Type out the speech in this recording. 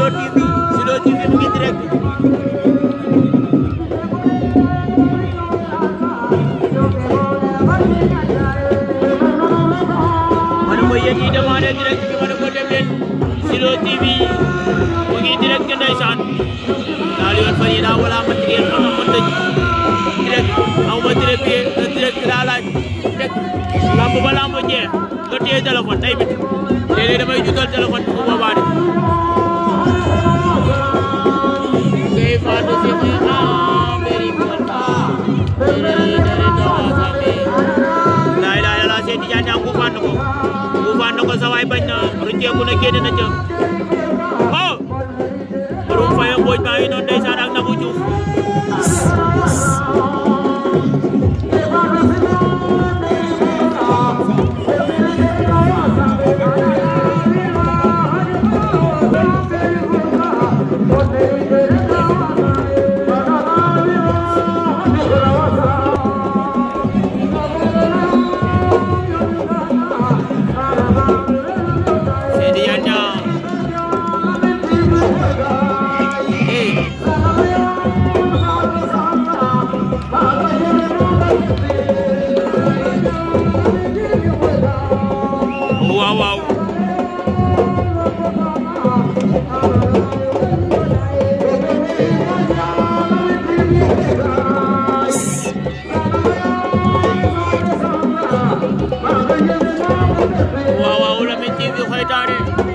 Sido TV Sido TV mu ngi direct man ma ne ko dem leen Sido TV mu ngi direct ndeysaan daal yoon fan yi daa wala matériel am ma tëj direct aw ma direct bi direct daa laaj direct lamb ba lamb jeex nga téye rëcceeku na génn na ca oh borom faye mbooj baa ngi noonu Wow, wow, let me give you a